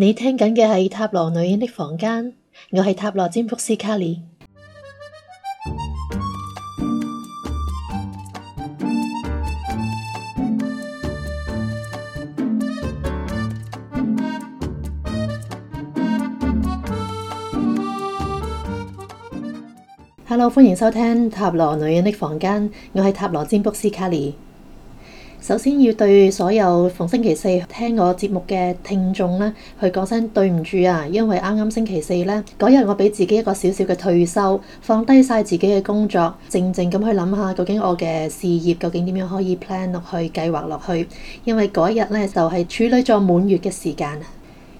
你聽緊嘅係塔羅女人的房間，我係塔羅占卜師卡莉。 Hello，歡迎收聽塔羅女人的房間，我係塔羅占卜師卡莉。首先要對所有逢星期四聽我節目嘅聽眾呢，去講聲對唔住啊，因為啱啱星期四呢，嗰日我俾自己一個少少嘅退休，放低曬自己嘅工作，靜靜咁去諗下究，究竟我嘅事業究竟點樣可以 plan 落去、計劃落去？因為嗰一日咧就係、是、處女座滿月嘅時間。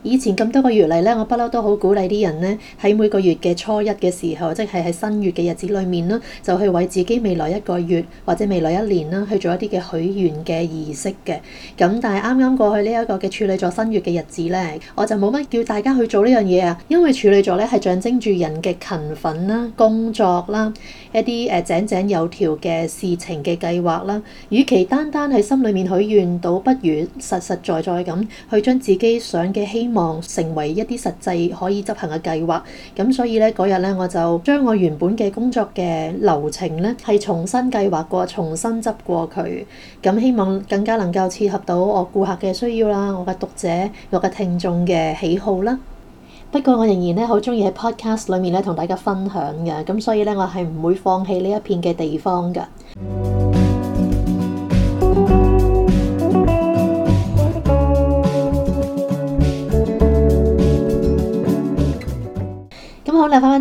以前咁多個月嚟，呢我不嬲都好鼓勵啲人呢，喺每個月嘅初一嘅時候，即係喺新月嘅日子裏面呢，就去為自己未來一個月或者未來一年呢，去做一啲嘅許願嘅儀式嘅。咁但係啱啱過去呢、這、一個嘅處女座新月嘅日子呢，我就冇乜叫大家去做呢樣嘢啊，因為處女座呢係象徵住人嘅勤奮啦、工作啦、一啲誒井井有條嘅事情嘅計劃啦。與其單單喺心裏面許願倒，不如實實在在咁去將自己想嘅希希望成為一啲實際可以執行嘅計劃，咁所以呢，嗰日呢，我就將我原本嘅工作嘅流程呢，係重新計劃過、重新執過佢，咁希望更加能夠切合到我顧客嘅需要啦、我嘅讀者、我嘅聽眾嘅喜好啦。不過我仍然呢，好中意喺 podcast 裏面咧同大家分享嘅，咁所以呢，我係唔會放棄呢一片嘅地方㗎。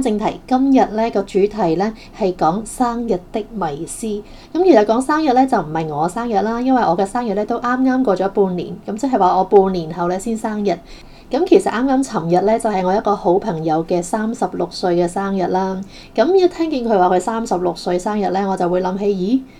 正題今日呢個主題呢，係講生日的迷思咁。其實講生日呢，就唔係我生日啦，因為我嘅生日呢，都啱啱過咗半年，咁即係話我半年後呢，先生日。咁其實啱啱尋日呢，就係我一個好朋友嘅三十六歲嘅生日啦。咁一聽見佢話佢三十六歲生日呢，我就會諗起，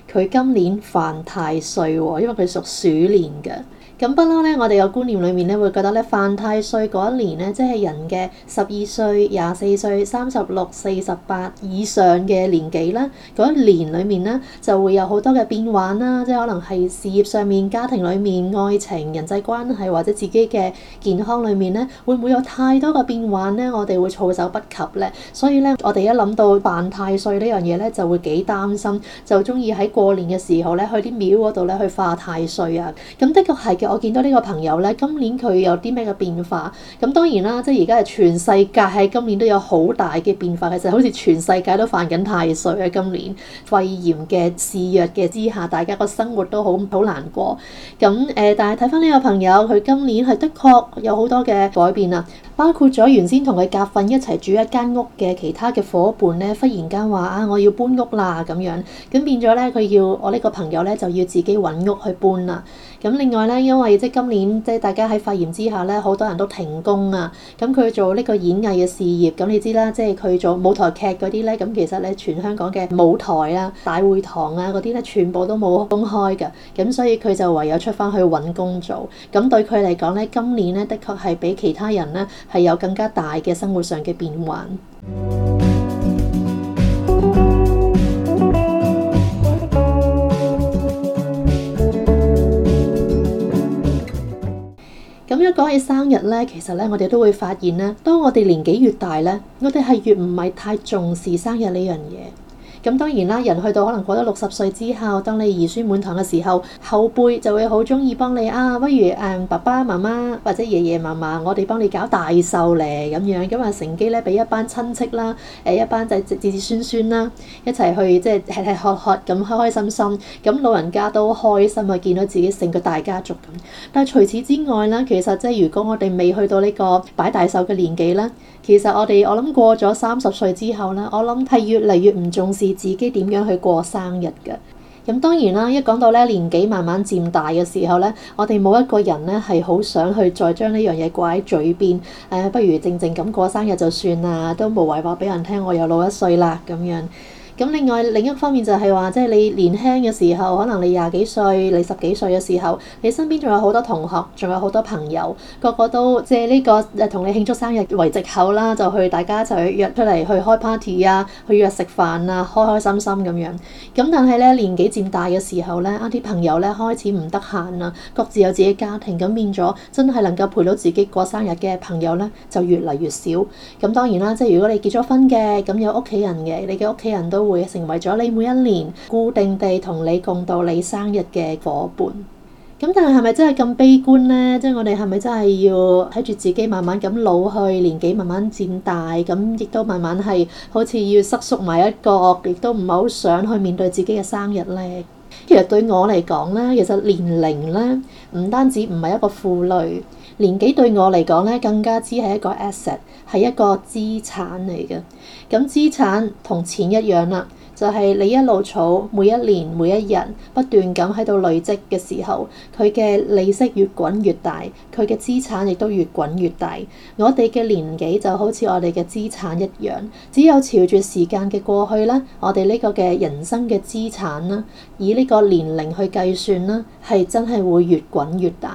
咦，佢今年犯太歲喎，因為佢屬鼠年嘅。咁不嬲咧，我哋嘅觀念裏面咧，會覺得咧，犯太歲嗰一年咧，即係人嘅十二歲廿四歲、三十六、四十八以上嘅年紀啦，嗰一年裏面咧，就會有好多嘅變幻啦，即係可能係事業上面、家庭裏面、愛情、人際關係或者自己嘅健康裏面咧，會唔會有太多嘅變幻咧？我哋會措手不及咧，所以咧我哋一諗到犯太歲呢樣嘢咧，就會幾擔心，就中意喺過年嘅時候咧去啲廟嗰度咧去化太歲啊。咁的確係嘅。我見到呢個朋友呢，今年佢有啲咩嘅變化？咁當然啦，即係而家係全世界喺今年都有好大嘅變化嘅，就係好似全世界都犯緊太歲啊！今年肺炎嘅肆虐嘅之下，大家個生活都好好難過。咁誒，但係睇翻呢個朋友，佢今年係的確有好多嘅改變啊！包括咗原先同佢夾瞓一齊住一間屋嘅其他嘅伙伴呢，忽然間話啊，我要搬屋啦咁樣，咁變咗呢，佢要我呢個朋友呢，就要自己揾屋去搬啦。咁另外呢，因為即係今年即係大家喺肺炎之下呢，好多人都停工啊。咁佢做呢個演藝嘅事業，咁你知啦，即係佢做舞台劇嗰啲呢。咁其實呢，全香港嘅舞台啦、啊、大會堂啊嗰啲呢，全部都冇公開嘅。咁所以佢就唯有出翻去揾工做。咁對佢嚟講呢，今年呢，的確係比其他人呢。係有更加大嘅生活上嘅變幻。咁樣講起生日咧，其實咧，我哋都會發現咧，當我哋年紀越大咧，我哋係越唔係太重視生日呢樣嘢。咁當然啦，人去到可能過到六十歲之後，當你兒孫滿堂嘅時候，後輩就會好鍾意幫你啊，不如誒爸爸媽媽或者爺爺嫲嫲，我哋幫你搞大壽咧咁樣，咁、嗯、啊乘機咧俾一班親戚啦，誒一班仔子子，子，子，子，子孫孫啦，一齊去即係吃吃喝喝咁開開心心，咁、嗯、老人家都開心去見到自己成個大家族咁。但係除此之外咧，其實即係如果我哋未去到呢個擺大壽嘅年紀啦，其實我哋我諗過咗三十歲之後咧，我諗係越嚟越唔重視。你自己點樣去過生日㗎？咁、嗯、當然啦，一講到咧年紀慢慢漸大嘅時候咧，我哋冇一個人咧係好想去再將呢樣嘢掛喺嘴邊。誒、啊，不如靜靜咁過生日就算啦，都無謂話俾人聽我又老一歲啦咁樣。咁另外，另一方面就係話，即係你年輕嘅時候，可能你廿幾歲你十幾歲嘅時候，你身邊仲有好多同學仲有好多朋友，個個都即係呢個同你慶祝生日為藉口啦，就去大家一齊去約出嚟去開 party 啊，去約食飯啊，開開心心咁樣。咁但係咧年紀漸大嘅時候咧，啱啲朋友咧開始唔得閒啦，各自有自己家庭咁變咗，真係能夠陪到自己過生日嘅朋友咧就越嚟越少。咁當然啦，即係如果你結咗婚嘅，咁有屋企人嘅，你嘅屋企人都。會成為咗你每一年固定地同你共度你生日嘅伙伴。咁但係係咪真係咁悲觀呢？即係我哋係咪真係要睇住自己慢慢咁老去，年紀慢慢漸大，咁亦都慢慢係好似要瑟縮埋一角，亦都唔係好想去面對自己嘅生日呢？其實對我嚟講呢，其實年齡呢唔單止唔係一個負累，年紀對我嚟講呢，更加只係一個 asset，係一個資產嚟嘅。咁資產同錢一樣啦，啊，就係、是、你一路儲，每一年每一日不斷咁喺度累積嘅時候，佢嘅利息越滾越大，佢嘅資產亦都越滾越大。我哋嘅年紀就好似我哋嘅資產一樣，只有朝住時間嘅過去啦，我哋呢個嘅人生嘅資產啦，以呢個年齡去計算啦，係真係會越滾越大。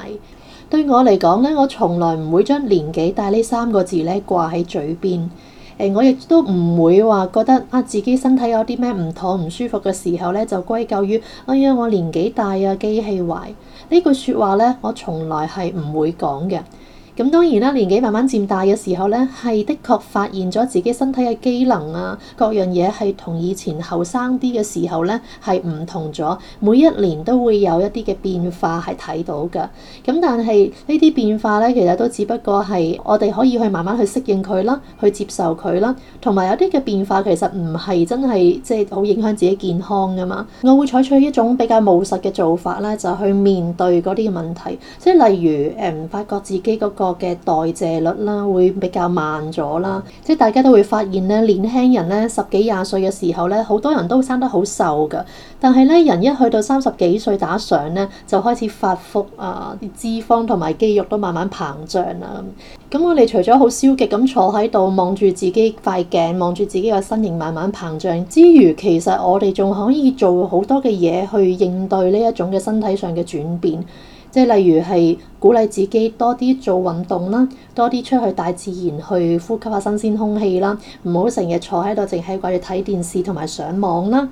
對我嚟講呢，我從來唔會將年紀大呢三個字呢，掛喺嘴邊。誒、呃，我亦都唔會話覺得啊，自己身體有啲咩唔妥唔舒服嘅時候呢，就歸咎於哎呀，我年紀大啊，機器壞。呢句説話呢，我從來係唔會講嘅。咁當然啦，年紀慢慢漸大嘅時候呢，係的確發現咗自己身體嘅機能啊，各樣嘢係同以前後生啲嘅時候呢係唔同咗。每一年都會有一啲嘅變化係睇到㗎。咁但係呢啲變化呢，其實都只不過係我哋可以去慢慢去適應佢啦，去接受佢啦。同埋有啲嘅變化其實唔係真係即係好影響自己健康噶嘛。我會採取一種比較務實嘅做法呢，就去面對嗰啲問題，即係例如誒、呃、發覺自己嗰個嘅代謝率啦，會比較慢咗啦。即係大家都會發現咧，年輕人咧十幾廿歲嘅時候咧，好多人都生得好瘦㗎。但係咧，人一去到三十幾歲打上咧，就開始發福啊，脂肪同埋肌肉都慢慢膨脹啦。咁我哋除咗好消極咁坐喺度望住自己塊鏡，望住自己嘅身形慢慢膨脹之餘，其實我哋仲可以做好多嘅嘢去應對呢一種嘅身體上嘅轉變。即係例如係鼓勵自己多啲做運動啦，多啲出去大自然去呼吸下新鮮空氣啦，唔好成日坐喺度淨係掛住睇電視同埋上網啦。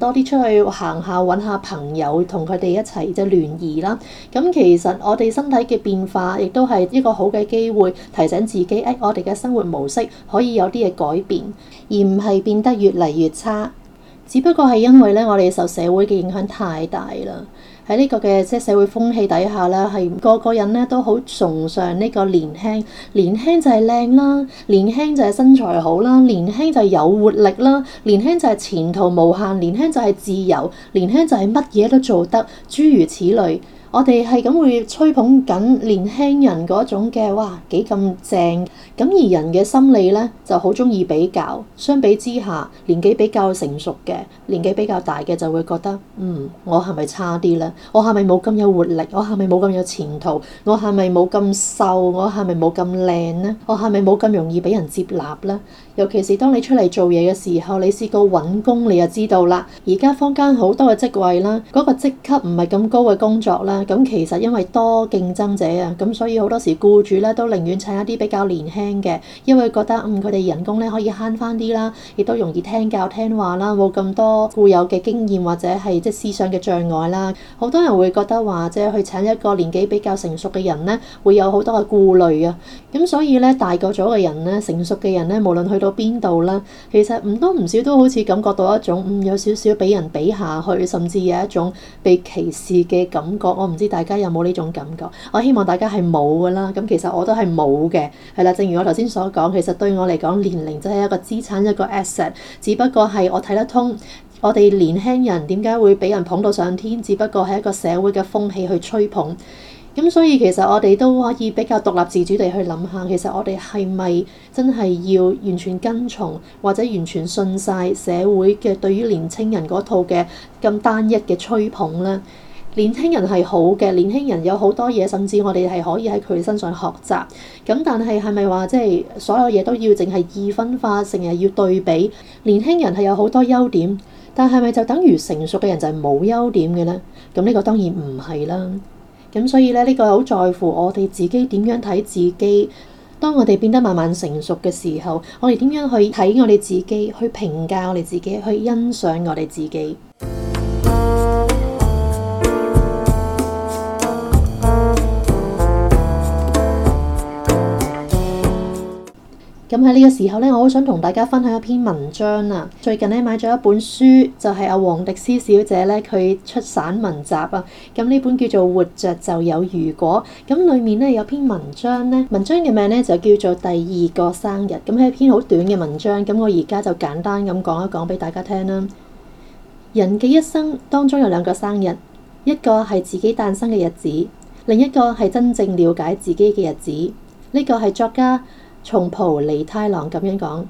多啲出去行下，揾下朋友同佢哋一齊即係聯誼啦。咁其實我哋身體嘅變化，亦都係一個好嘅機會，提醒自己誒，我哋嘅生活模式可以有啲嘢改變，而唔係變得越嚟越差。只不過係因為呢，我哋受社會嘅影響太大啦。喺呢個嘅社會風氣底下，呢係個個人呢都好崇尚呢個年輕。年輕就係靚啦，年輕就係身材好啦，年輕就係有活力啦，年輕就係前途無限，年輕就係自由，年輕就係乜嘢都做得，諸如此類。我哋係咁會吹捧緊年輕人嗰種嘅，哇幾咁正！咁而人嘅心理呢就好中意比較。相比之下，年紀比較成熟嘅，年紀比較大嘅就會覺得，嗯，我係咪差啲咧？我係咪冇咁有活力？我係咪冇咁有前途？我係咪冇咁瘦？我係咪冇咁靚咧？我係咪冇咁容易俾人接納咧？尤其是當你出嚟做嘢嘅時候，你試過揾工你就知道啦。而家坊間好多嘅職位啦，嗰個職級唔係咁高嘅工作啦。咁其實因為多競爭者啊，咁所以好多時僱主咧都寧願請一啲比較年輕嘅，因為覺得，嗯，佢哋人工咧可以慳翻啲啦，亦都容易聽教聽話啦，冇咁多固有嘅經驗或者係即思想嘅障礙啦。好多人會覺得話即係去請一個年紀比較成熟嘅人咧，會有好多嘅顧慮啊。咁所以咧大個咗嘅人咧，成熟嘅人咧，無論去到邊度啦，其實唔多唔少都好似感覺到一種嗯有少少俾人比下去，甚至有一種被歧視嘅感覺。唔知大家有冇呢種感覺？我希望大家係冇噶啦。咁其實我都係冇嘅。係啦，正如我頭先所講，其實對我嚟講，年齡就係一個資產，一個 asset。只不過係我睇得通。我哋年輕人點解會俾人捧到上天？只不過係一個社會嘅風氣去吹捧。咁所以其實我哋都可以比較獨立自主地去諗下，其實我哋係咪真係要完全跟從，或者完全信晒社會嘅對於年輕人嗰套嘅咁單一嘅吹捧呢？年輕人係好嘅，年輕人有好多嘢，甚至我哋係可以喺佢身上學習。咁但係係咪話即係所有嘢都要淨係二分化，成日要對比？年輕人係有好多優點，但係咪就等於成熟嘅人就係冇優點嘅呢？咁呢個當然唔係啦。咁所以咧，呢個好在乎我哋自己點樣睇自己。當我哋變得慢慢成熟嘅時候，我哋點樣去睇我哋自己，去評價我哋自己，去欣賞我哋自己。咁喺呢個時候呢，我好想同大家分享一篇文章啊！最近呢，買咗一本書，就係阿王迪詩小姐呢，佢出散文集啊。咁呢本叫做《活着就有如果》。咁裡面呢，有篇文章呢，文章嘅名呢，就叫做《第二個生日》。咁係一篇好短嘅文章。咁我而家就簡單咁講一講俾大家聽啦。人嘅一生當中有兩個生日，一個係自己誕生嘅日子，另一個係真正了解自己嘅日子。呢個係作家，松浦彌太郎咁樣講：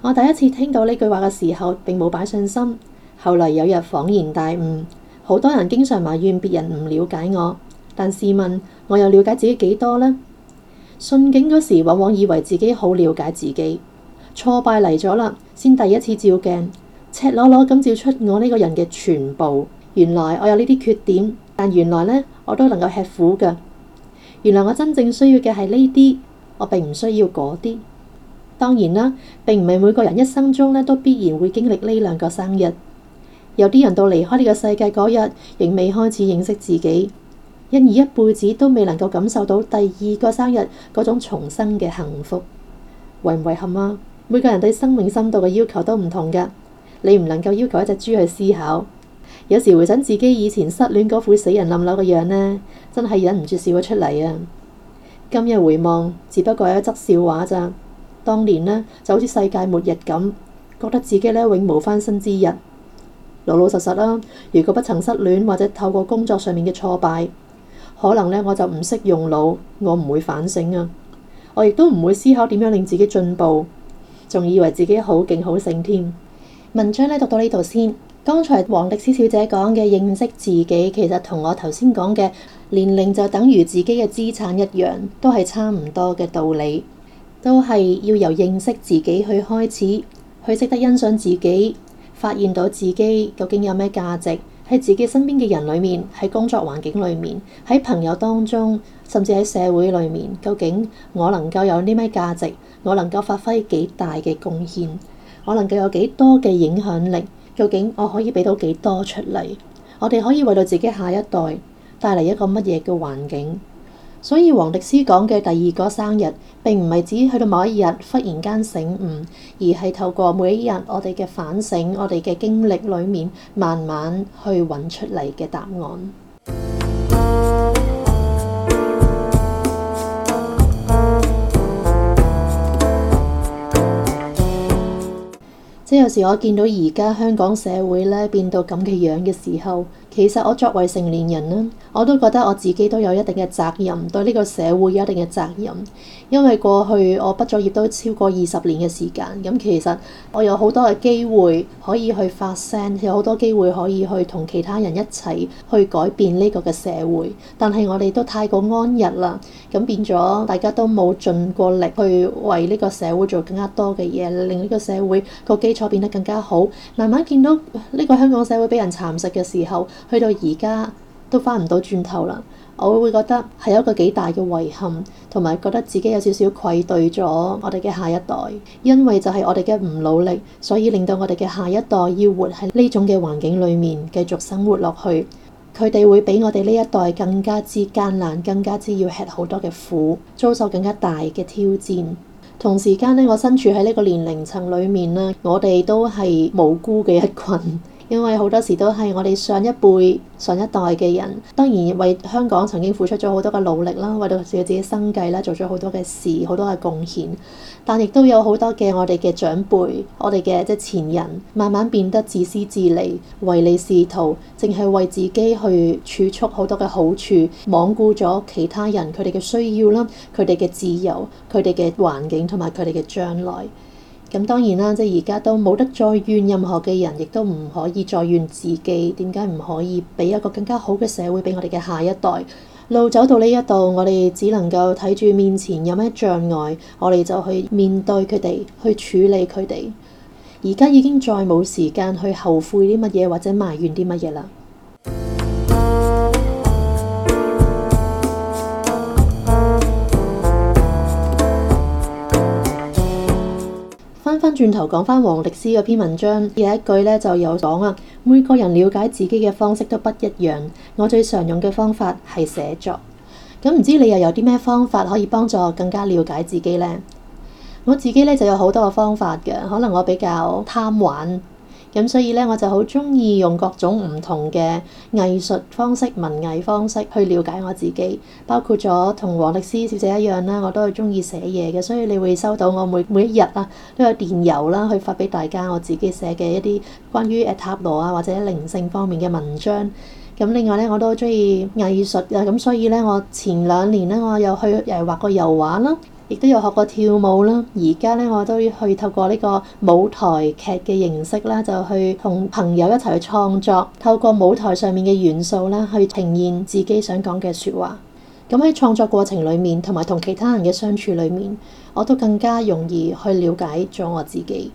我第一次聽到呢句話嘅時候，並冇擺信心。後來有日恍然大悟，好多人經常埋怨別人唔了解我，但試問我又了解自己幾多呢？順境嗰時，往往以為自己好了解自己，挫敗嚟咗啦，先第一次照鏡，赤裸裸咁照出我呢個人嘅全部。原來我有呢啲缺點，但原來呢我都能夠吃苦㗎。原來我真正需要嘅係呢啲。我並唔需要嗰啲，當然啦，並唔係每個人一生中咧都必然會經歷呢兩個生日。有啲人到離開呢個世界嗰日，仍未開始認識自己，因而一輩子都未能夠感受到第二個生日嗰種重生嘅幸福，遺唔遺憾啊？每個人對生命深度嘅要求都唔同㗎，你唔能夠要求一隻豬去思考。有時回想自己以前失戀嗰副死人冧樓嘅樣咧，真係忍唔住笑咗出嚟啊！今日回望，只不過一則笑話咋？當年呢，就好似世界末日咁，覺得自己呢永無翻身之日。老老實實啦、啊，如果不曾失戀或者透過工作上面嘅挫敗，可能呢我就唔識用腦，我唔會反省啊，我亦都唔會思考點樣令自己進步，仲以為自己勁好勁好醒添。文章呢，讀到呢度先。剛才王歷史小姐講嘅認識自己，其實同我頭先講嘅年齡就等於自己嘅資產一樣，都係差唔多嘅道理，都係要由認識自己去開始，去識得欣賞自己，發現到自己究竟有咩價值，喺自己身邊嘅人裏面，喺工作環境裏面，喺朋友當中，甚至喺社會裏面，究竟我能夠有啲咩價值，我能夠發揮幾大嘅貢獻，我能夠有幾多嘅影響力。究竟我可以畀到幾多出嚟？我哋可以為到自己下一代帶嚟一個乜嘢嘅環境？所以黃立斯講嘅第二個生日並唔係指去到某一日忽然間醒悟，而係透過每一日我哋嘅反省、我哋嘅經歷裡面，慢慢去揾出嚟嘅答案。即有時候我見到而家香港社會咧變到咁嘅樣嘅時候，其實我作為成年人咧。我都覺得我自己都有一定嘅責任，對呢個社會有一定嘅責任。因為過去我畢咗業都超過二十年嘅時間，咁其實我有好多嘅機會可以去發聲，有好多機會可以去同其他人一齊去改變呢個嘅社會。但係我哋都太過安逸啦，咁變咗大家都冇盡過力去為呢個社會做更加多嘅嘢，令呢個社會個基礎變得更加好。慢慢見到呢個香港社會俾人蠶食嘅時候，去到而家，都翻唔到轉頭啦，我會覺得係一個幾大嘅遺憾，同埋覺得自己有少少愧對咗我哋嘅下一代，因為就係我哋嘅唔努力，所以令到我哋嘅下一代要活喺呢種嘅環境裡面繼續生活落去，佢哋會比我哋呢一代更加之艱難，更加之要吃好多嘅苦，遭受更加大嘅挑戰。同時間呢，我身處喺呢個年齡層裡面呢，我哋都係無辜嘅一群。因為好多時都係我哋上一輩、上一代嘅人，當然為香港曾經付出咗好多嘅努力啦，為到自己自己生計啦，做咗好多嘅事、好多嘅貢獻。但亦都有好多嘅我哋嘅長輩、我哋嘅即係前人，慢慢變得自私自利、唯利是圖，淨係為自己去儲蓄好多嘅好處，罔顧咗其他人佢哋嘅需要啦、佢哋嘅自由、佢哋嘅環境同埋佢哋嘅將來。咁當然啦，即係而家都冇得再怨任何嘅人，亦都唔可以再怨自己。點解唔可以俾一個更加好嘅社會俾我哋嘅下一代？路走到呢一度，我哋只能夠睇住面前有咩障礙，我哋就去面對佢哋，去處理佢哋。而家已經再冇時間去後悔啲乜嘢，或者埋怨啲乜嘢啦。轉頭講返黃力斯嗰篇文章有一句呢，就有講啊，每個人了解自己嘅方式都不一樣。我最常用嘅方法係寫作。咁唔知你又有啲咩方法可以幫助我更加了解自己呢？我自己呢就有好多嘅方法嘅，可能我比較貪玩。咁所以呢，我就好中意用各種唔同嘅藝術方式、文藝方式去了解我自己，包括咗同黃力詩小姐一樣啦，我都係中意寫嘢嘅。所以你會收到我每每一日啊，都有電郵啦，去發俾大家我自己寫嘅一啲關於塔羅啊或者靈性方面嘅文章。咁另外呢，我都中意藝術啊，咁所以呢，我前兩年呢，我又去又畫過油畫啦。亦都有學過跳舞啦，而家咧我都去透過呢個舞台劇嘅形式啦，就去同朋友一齊去創作，透過舞台上面嘅元素啦，去呈現自己想講嘅説話。咁喺創作過程裡面，同埋同其他人嘅相處裡面，我都更加容易去了解咗我自己。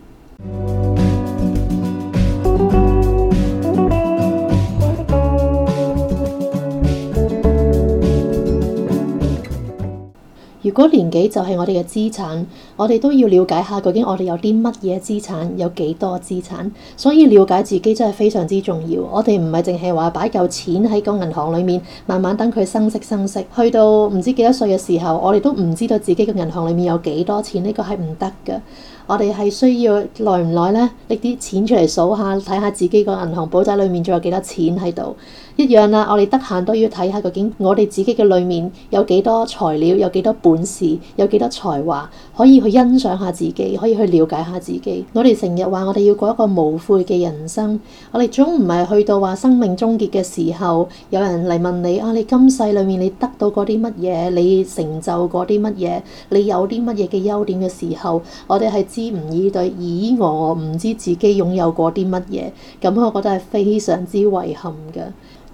如果年紀就係我哋嘅資產，我哋都要了解下究竟我哋有啲乜嘢資產，有幾多資產。所以了解自己真係非常之重要。我哋唔係淨係話擺嚿錢喺個銀行裏面，慢慢等佢生息生息，去到唔知幾多歲嘅時候，我哋都唔知道自己嘅銀行裏面有幾多錢，呢個係唔得㗎。我哋係需要耐唔耐呢？拎啲錢出嚟數下，睇下自己個銀行簿仔裏面仲有幾多錢喺度一樣啦。我哋得閒都要睇下究竟我哋自己嘅裏面有幾多材料，有幾多本事，有幾多才華，可以去欣賞下自己，可以去了解下自己。我哋成日話我哋要過一個無悔嘅人生，我哋總唔係去到話生命終結嘅時候，有人嚟問你啊，你今世裏面你得到嗰啲乜嘢，你成就嗰啲乜嘢，你有啲乜嘢嘅優點嘅時候，我哋係知。唔以對，而我唔知自己擁有過啲乜嘢，咁我覺得係非常之遺憾嘅。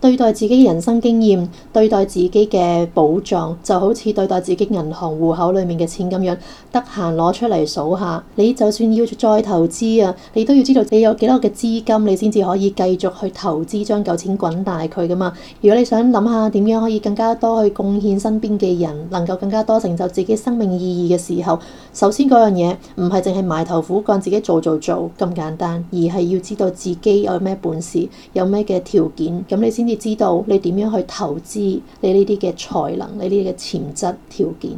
對待自己人生經驗，對待自己嘅寶藏，就好似對待自己銀行戶口裏面嘅錢咁樣，得閒攞出嚟數下。你就算要再投資啊，你都要知道你有幾多個資金，你先至可以繼續去投資，將舊錢滾大佢嘛。如果你想諗下點樣可以更加多去貢獻身邊嘅人，能夠更加多成就自己生命意義嘅時候，首先嗰樣嘢唔係淨係埋頭苦幹自己做做做咁簡單，而係要知道自己有咩本事，有咩嘅條件，咁你先。知道你點樣去投資你呢啲嘅才能，你呢啲嘅潛質條件。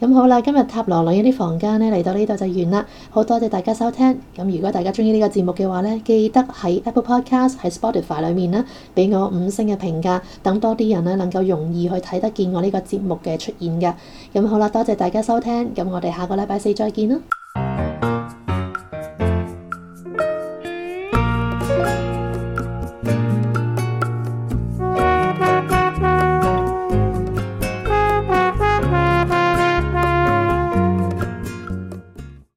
咁好啦，今日塔羅女人嘅房間咧嚟到呢度就完啦。好多謝大家收聽。咁如果大家中意呢個節目嘅話咧，記得喺 Apple Podcast 喺 Spotify 裏面啦，俾我五星嘅評價，等多啲人咧能夠容易去睇得見我呢個節目嘅出現嘅。咁好啦，多謝大家收聽。咁我哋下個禮拜四再見啦。